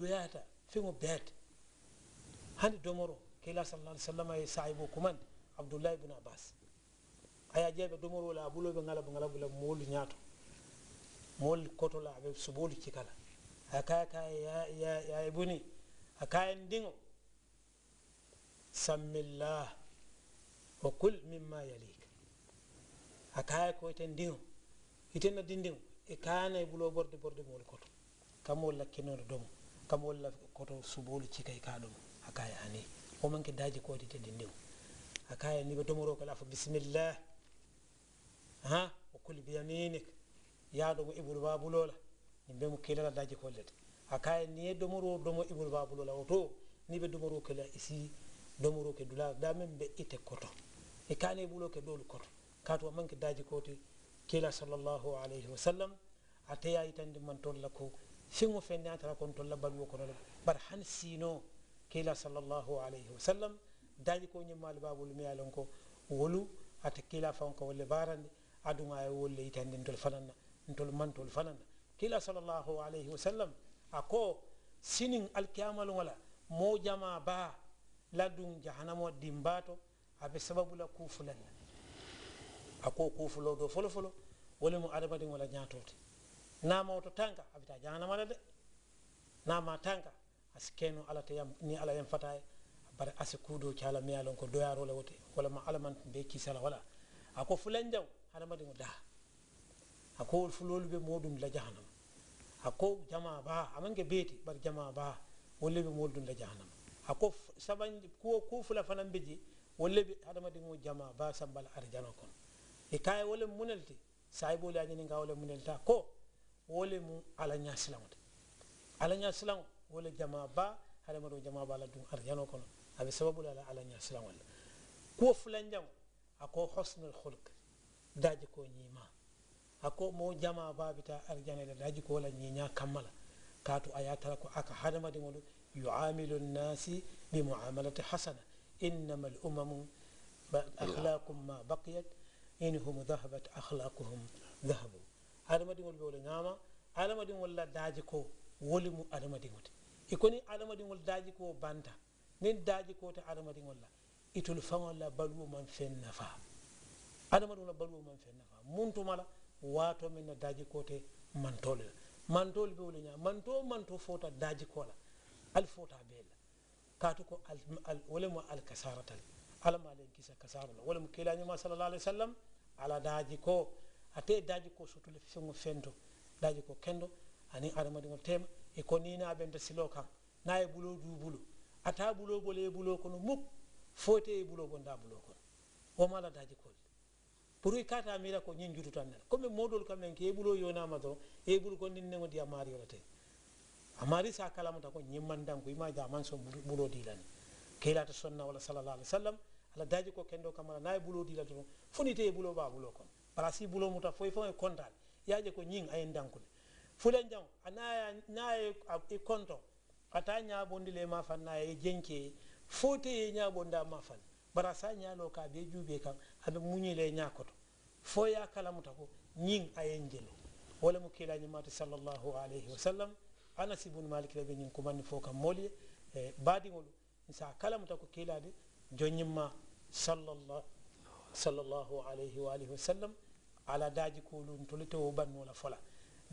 doyata feŋo beete hani domoro kila sallallahu alaihi sallam ay sahibo kumande abdullah ibnu abbas aya jebe domoro la bulo be ngala ngala bula molu nyaato mol koto la be subolu cikala akaya kaya ya ya ya a akaya ndiŋo sammillah wa kul mimma yalik akaya ko iten ndiŋo iten na e kayana e bulo borde borde moolu koto kamol la kinono domo kam walla koto subolu cikay ka ɗum hakaya ani o manke daji koti tedi ndiw hakaya ni ɓe domoro kala fo bisimillah ha o kuli biyaminik yaɗo mo ibul babulola yimɓe mo kelala daji kollete hakaya ni e domoro domo ibul babulola o to ni ɓe domoro kala isi domoro ke dula damen ɓe ite koto e kane ɓulo ke ɗolu koto kato o manke daji koti kila sallllahu alayhi wa sallam a teya yitande man tolla ko سيمو فين ناترا كنت الله بل وكنا برحان سينو كيلا صلى الله عليه وسلم دالي كوني مال باب المياه لنكو ولو أتكيلا فانكو ولي باران أدو ما يقول لي تهند انتو الفنان انتو المنتو الفنان كيلا صلى الله عليه وسلم أكو سينين الكامل ولا مو جما با لدن جهنم ودنباتو أبي سبب لا كوفلن أكو كوفلو دو فلو فلو ولمو أدبادين ولا جاتوتي naama oto tanka a wita janama la de naama tanka a sikeno alatayam ni ala yam fata e, a bara asi kuudo cala meyalon ko doyarole wote walla ma alamant be kisala wala ako fulan jaw hadamadi mo daa ako fulolu ɓe moɗum la jahanama ako jama baa amanke beeti bara jama baa wolle ɓe moɗum la jahanama ako saban kuwo ku fula fanan beji wolle ɓe hadamadi mo jama baa sambala arjana kono e kaye wole munelte sayiboli añininga wole munelta ko wole mu ala nya silaŋo ti ala nya silaŋo wole jamaa baa hadamadiŋo jamaa baa la duŋ arijano kono a be sababu la la ala nya silaŋo le kuwo fulanjaŋo a ko hosnul hulk daji ko ñiima a ko moo jamaa baa bi taa arijana le daji ko la ñiiñaa kamma la kaatu a ye a tara ko a ka hadamadiŋolu yuamilu nnasi bi muamalati hasana innama al umamu akhlaqum ma baqiyat in hum dhahabat akhlaquhum dhahabu adamadiŋol be wo le ñaama adamadiŋol la daaji ko woli mu adamadiŋo ti i koni adamadiŋol daaji ko banta niŋ daaji ko te adamadiŋol la itolu faŋol la baluwo maŋ feŋ nafa adamadiŋo la baluwo maŋ feŋ nafa muŋ tuma la waato meŋ na daaji ko te mantolu la mantolu be wo le ñaama manto manto foota daaji ko la ali foota bee la kaatu ko wo le mu alkasarata le alla ma len kisa kasaro la wo le mu kiilañuma sallallahu alaihi wa sallam ala daaji ate daji ko sutule feŋo fendo daji ko kendo ani adamadiŋol tema e ko ni na benta silo kan na ye bulo du bulo ata bulo bole ye bulo kono muk fote ye bulo gonda bulo kono wo mala daji kol pour i kata mira ko ñin jutu tan comme modol kam men ke ye bulo yonama to ye bulo ko nin nengo diya maari yola te amari sa kalamuta ko ñimmandan ko ima man so bulo dilani keylata sonna wala sallallah alih w sallam ala daji ko kendo kamala na ye bulo dila to fonite ye bulo ba bulo kono parasi bulo muta foy foy kontal yaje ko nying ay ndankude fulen jam anaya naye e konto ata ñabondi le ma fan naye e jenke fote e ñabonda ma fan bara nya lo ka be juube kan aɓe nya koto fo ya kala muta ko nying ayen jelo wala mu kila kilañimatu sallllahu alayhi wa sallam anas ibnu malik raɓe ñing kumanni fo kam molye e baadiŋolu sa kala muta ko kila de kilade sallallahu sallallahu alayhi wa alihi wa sallam ala daji kulu ntolite wo banno la fola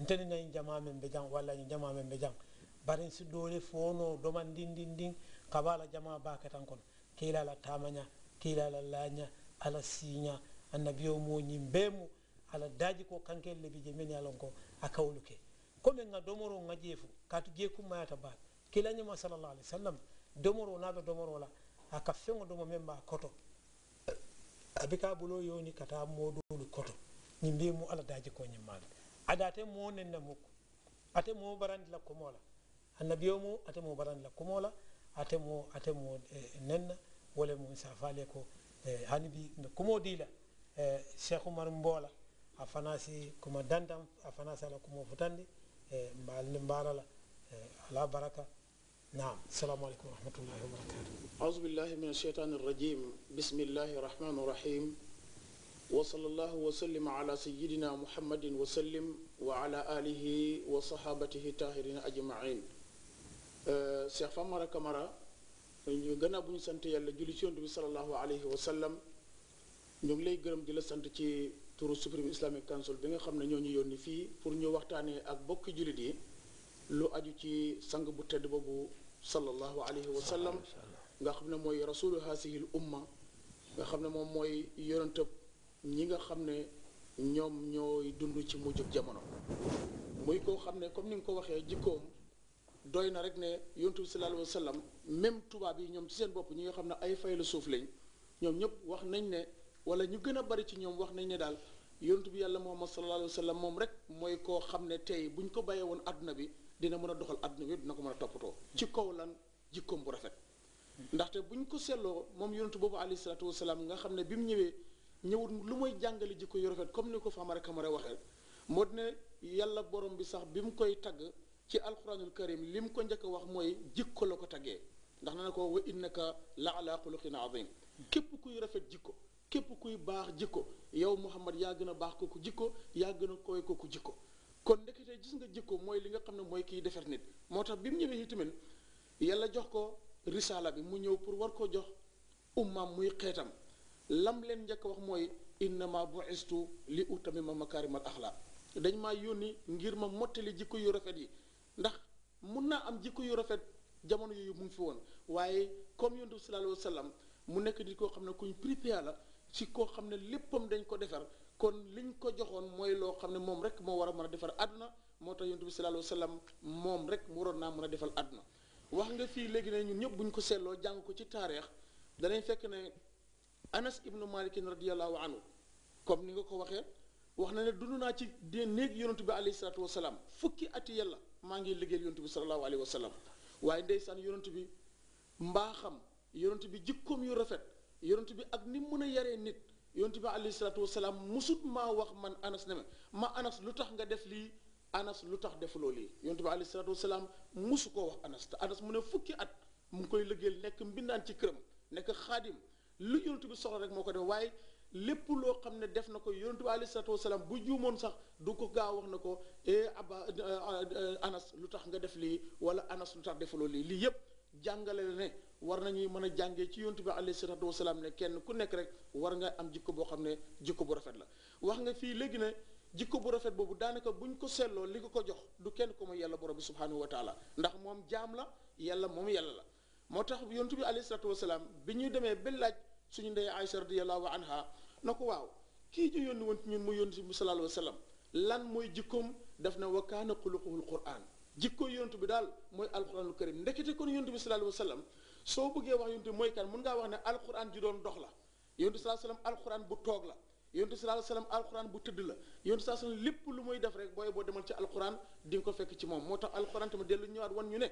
nteni na jama men be jang wala jama men be jang barin si dole fono do man din din din kabala jama ba ka tan kon kila la tamanya kila la lanya ala sinya annabiyo mo bemu ala daji ko kankel le bije men yalon ko akawluke ko men na domoro ngajefu katu je kuma mayata ba kila nyama sallallahu alaihi wasallam domoro na do domoro la aka fengo domo memba koto abika bulo yoni kata modulu koto ñin mbi mu ala daji ko ñin maal ada te mo nen na mukko ate mo barandi la kumola annabi mu ate mo barandi la kumola ate mo ate mo nenna wala mo safale ko hanibi no kumo dila cheikh oumar mbola a fanasi kuma dandam a fanasi ala kumo futande e mbalni mbalala ala baraka نعم السلام عليكم ورحمة الله وبركاته أعوذ بالله من الشيطان الرجيم بسم الله الرحمن الرحيم وصلى الله وسلم على سيدنا محمد وسلم وعلى آله وصحابته تاهرين أجمعين Cheikh Famara Camara ñu gannaaw bu ñu sant yàlla julli ci yonent bi sallallahu alayhi wa sallam ñu ngi lay gërëm di la sant ci turu Supreme Islamic Council bi nga xam ne ñoo ñu yónni fii pour ñu waxtaanee ak bokki julit yi lu aju ci sang bu tedd boobu sallallahu alayhi wa sallam nga xam ne mooy rasulu haasihil umma nga xam ne moom mooy yonentab ñi nga xam ne ñoom ñooy dund ci mujjub jamono muy koo xam ne comme ni nga ko waxee jikkoom doy na rek ne yontu bi sallallahu alayhi wa même tubaab yi ñoom ci seen bopp ñi nga xam ne ay faylu suuf lañ ñoom ñëpp wax nañ ne wala ñu gën a bari ci ñoom wax nañ ne daal yontu bi yàlla muhammad sallallahu alayhi wa sallam moom rek mooy koo xam ne tey bu ñu ko bàyyee woon àdduna bi dina mën a doxal àdduna bi dina ko mën a toppatoo ci kaw lan jikkoom bu rafet ndaxte bu ñu ko seetloo moom yontu boobu alayhi salaatu wasalaam nga xam ne bi mu ñëwee ñëwut lu muy jàngale jikko yu rafet comme ni ko Famara Camara waxee moo ne yàlla borom bi sax bi mu koy tagg ci alquranul karim li mu ko njëkk a wax mooy jikko la ko taggee ndax na ne ko wa innaka la ala xuluqin azim képp kuy rafet jikko képp kuy baax jikko yow Muhammad yaa gën a baax kooku jikko yaa gën a koy kooku jikko kon ndekete gis nga jikko mooy li nga xam ne mooy kii defar nit moo tax bi mu ñëwee itamit yàlla jox ko risaala bi mu ñëw pour war koo jox ummaam muy xeetam lam leen njëkk wax mooy innama estu li utamima makaarimal axlaaq dañ maa yónni ngir ma mottali jikko yu rafet yi ndax mun naa am jikko yu rafet jamono yooyu mu ngi fi woon waaye comme yonent bi sallallaahu alayhi mu nekk di koo xam ne kuñ pripéa la ci koo xam ne léppam dañ ko defar kon liñ ko joxoon mooy loo xam ne moom rek moo war a mën a defar àdduna moo tax yonent bi sallallaahu alayhi moom rek mu waroon naa mën a defal àdduna wax nga fi léegi ne ñun ñëpp buñ ko seetloo jàng ko ci taarix danañ anas ibnu malik radiallahu anhu comme ni nga ko waxe waxna ne dununa ci de néeg yonantu bi alayhi salaatu wasalaam fukki ati yàlla ma ngi liggéeyal yonantu bi sallallahu alayhi wa sallam waaye ndeysaan yonantu bi mbaaxam yonantu bi jikkom yu rafet yonantu bi ak ni mën a yaree nit yonantu bi alayhi salaatu wasalaam musut ma wax man anas ne ma anas lutax nga def li anas lutax def lo li yonantu bi alayhi salatu wasalaam musu koo wax anas ta anas mu ne fukki at mu koy liggéeyal nek mbindan ci kërëm nek khadim lu yonent bi soxla rek moo ko def waaye lépp loo xam ne def na ko yonent bi aleyhi salaatu wasalaam bu juumoon sax du ko gaaw wax na ko eh Abba e, e, Anas lu tax nga def lii wala Anas lu tax defuloo lii lii yépp jàngale ne war na ñuy mën a jàngee ci yonent bi aleyhi salaatu wasalaam ne kenn ku nekk rek war nga am jikko boo xam ne jikko bu rafet la wax nga fii léegi ne jikko bu rafet boobu daanaka buñ ko seetloo li ko ko jox du kenn ko muy yàlla borom bi subhaanahu wa taala ndax moom jaam la yàlla moom yàlla la moo tax yontu bi alayhi salaatu wasalaam bi ñu demee ba laaj suñu ndey Aïcha radiyallahu anha na ko waaw kii ñu yónni woon ñun mu yónni bi sallallahu alayhi wasallam lan mooy jikkoom daf na wa kaana xuluquhul quraan jikko yontu bi daal mooy al alquranul karim ndekete kon yontu bi sallallahu alayhi wasallam soo bëggee wax yontu bi mooy kan mun ngaa wax ne al alquran ji doon dox la yontu sallallahu alayhi wasallam bu toog la yontu sallallahu alayhi wasallam alquran bu tëdd la yontu sallallahu lépp lu muy def rek booy boo demal ci alquran di nga ko fekk ci moom moo tax alquran tamit dellu ñëwaat wan ñu ne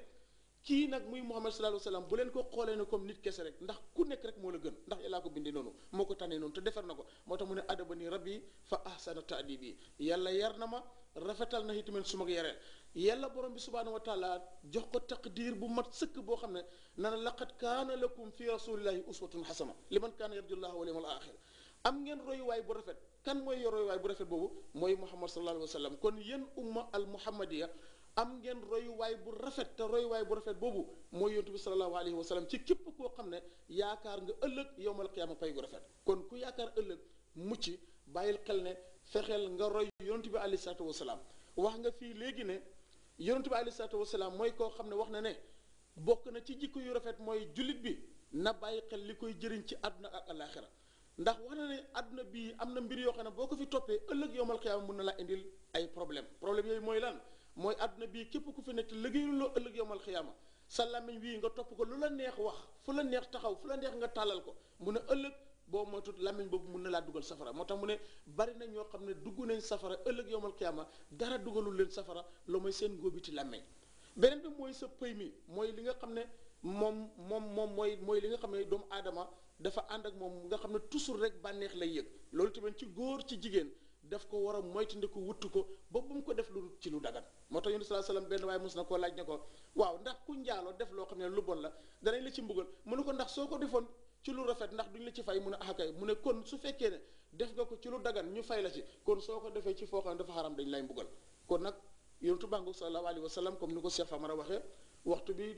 ki nak muy muhammad sallallahu alayhi wasallam bu len ko xoolee ne comme nit kess rek ndax ku nek rek mo la gën ndax yàllaa ko bindi nonu moko tané non te defar nako ko moo adabani rabbi fa ahsana ta'dibi yàlla yarnama na rafetal na itamit su ma yareel yàlla borom bi subhanahu wa taala jox ko taqdir bu mat seuk bo xamne nana laqad kana lakum fi rasulillahi uswatun hasana liman kaana yarjullaha wal yawmal akhir am ngeen roy way bu rafet kan moy roy way bu rafet bobu moy muhammad sallallahu alayhi wasallam kon yen umma al muhammadiya am ngeen royuwaay bu rafet te royuwaay bu rafet boobu mooy yontu bi sallallahu alayhi wa sallam ci képp koo xam ne yaakaar nga ëllëg yowmal qiyaama fay gu rafet kon ku yaakaar ëllëg mucci bàyyil xel ne fexeel nga roy yontu bi alayhi salaatu wasalaam wax nga fii léegi ne yontu bi alayhi salaatu wasalaam mooy koo xam ne wax na ne bokk na ci jikko yu rafet mooy jullit bi na bàyyi xel li koy jëriñ ci àdduna ak alaaxira ndax wax na ne àdduna bii am na mbir yoo xam ne boo ko fi toppee ëllëg yowmal qiyaama mun na laa indil ay problème yooyu mooy lan mooy àdduna bii képp ku fi nekk liggéeyul loo ëllëg yomal xiyaama sa làmmiñ wii nga topp ko lu la neex wax fu la neex taxaw fu la neex nga tàllal ko mun a ëllëg boo moytuwul làmmiñ boobu mun na laa dugal safara moo tax mu ne bari na ñoo xam ne dugg nañ safara ëllëg yomal xiyaama dara dugalul leen safara lu mooy seen ngóobiti làmmiñ beneen bi mooy sa pëy mi mooy li nga xam ne moom moom moom mooy mooy li nga xam ne doomu aadama dafa ànd ak moom nga xam ne toujours rek bànneex lay yëg loolu tamit ci góor ci jigéen daf ko war a moytandiku wuttu ko ba bu mu ko def lu ci lu dagan moo tax yonent sallallahu alayhi wasallam benn waaye mos na koo laaj ne ko waaw ndax ku njaaloo def loo xam ne lu bon la danañ la ci mbugal mu ne ko ndax soo ko defoon ci lu rafet ndax duñ la ci fay mu ne ah kay mu ne kon su fekkee ne def nga ko ci lu dagan ñu fay la ci kon soo ko defee ci foo xam ne dafa xaram dañ lay mbugal kon nag yonentu bàngu sallallahu alayhi wasallam comme ni ko Cheikh Famara waxee waxtu bi